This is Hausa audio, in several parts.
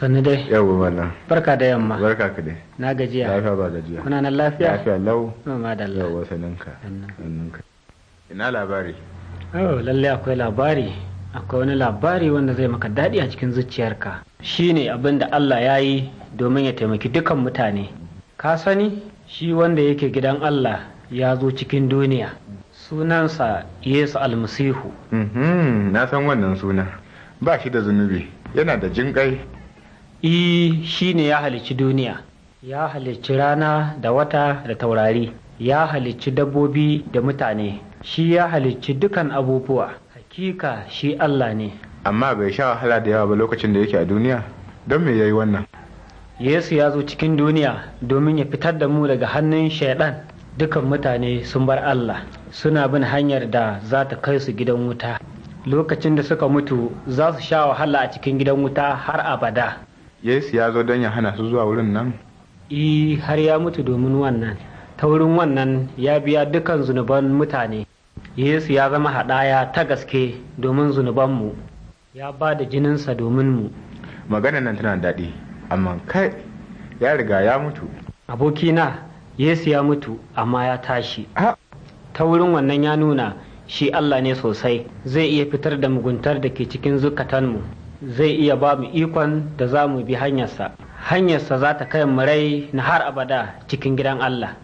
sannu dai yawon wannan barka da yamma barka ka dai na gajiya lafiya ba gajiya kuna nan lafiya lafiya lau ma da Allah yawon sannan ka ina labari oh lalle akwai labari akwai wani labari wanda zai maka daɗi a cikin zuciyarka shine abin da Allah ya yi domin ya taimaki dukan mutane ka sani shi wanda yake gidan Allah ya zo cikin duniya sunansa Yesu almasihu mhm, na san wannan suna ba shi da zunubi yana da jinƙai I e, shi ne ya halicci duniya, ya halicci rana da wata da taurari, ya halicci dabbobi da mutane, shi ya halicci dukan abubuwa, hakika shi Allah ne. Amma bai sha wahala da yawa ba lokacin da yake a duniya, don me ya yi wannan? Yesu ya zo cikin duniya domin ya fitar da mu daga hannun shaidan dukan mutane sun bar Allah suna bin hanyar da za ta kai su gidan wuta. Lokacin da suka mutu za su sha wahala a cikin gidan wuta har abada. yesu ya zo don ya hana su zuwa wurin nan i e, har ya mutu domin wannan ta wurin wannan ya biya dukan zunuban mutane yesu ya zama haɗaya ta gaske domin zunubanmu ya ba da jininsa domin mu Maganar nan tana daɗi amma kai ya riga ya mutu abokina yesu ya mutu amma ya tashi ta wurin wannan ya nuna shi allah ne sosai zai iya fitar da muguntar da ke cikin zukatanmu zai iya ba mu ikon da za mu bi hanyarsa hanyarsa za ta kai mu rai na har abada cikin gidan Allah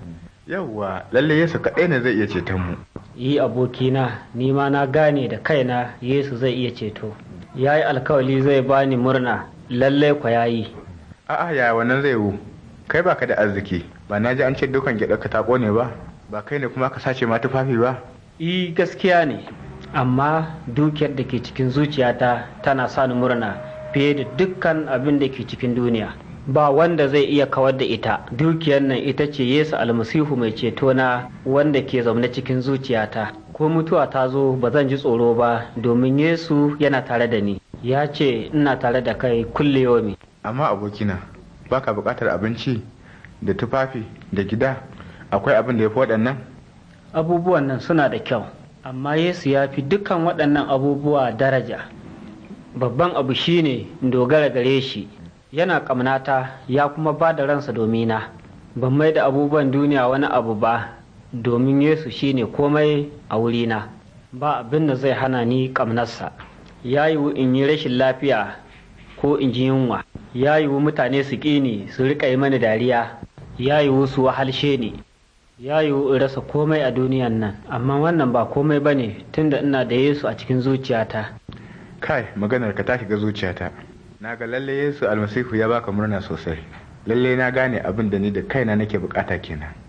yawwa lalle Yesu kaɗai ne zai iya ceton mu yi abokina ni ma na gane da kaina Yesu zai iya ceto ya yi alkawali zai bani murna lalle ku ya yi a'a ya wannan zai wu kai baka da arziki ba na ji an ce dukan gyaɗa ka ne ba ba kai ne kuma ka sace ma tufafi ba i gaskiya ne amma dukiyar da ke cikin zuciyata tana sa ni murna fiye da dukkan abin da ke cikin duniya ba wanda zai iya kawar da ita dukiyar nan ita ce yesu almasihu mai ceto na wanda ke zaune cikin zuciyata ko mutuwa ta zo ba zan ji tsoro ba domin yesu yana tare da ni ya ce ina tare da kai kulle yomi amma abokina baka buƙatar abinci da tufafi da gida akwai abin da ya fi waɗannan abubuwan nan suna da kyau amma yesu ya fi dukkan waɗannan abubuwa daraja babban abu shine dogara gare shi yana ƙamnata ya kuma ba da ransa domina ban mai da abubuwan duniya wani abu ba domin yesu shine komai a wurina ba abin da zai hana ni ƙamnarsa ya yiwu in yi rashin lafiya ko in ji yunwa ya yiwu mutane su ƙi ni su riƙa yi mani dariya ya yiwu su wahalshe ni ya yiwu in rasa komai a duniyan nan amma wannan ba komai ba ne tunda ina da yesu a cikin zuciyata kai maganar ka ta shiga zuciyata na ga lalle yesu almasihu ya baka murna sosai lalle na gane abin da ni da kaina nake bukata kenan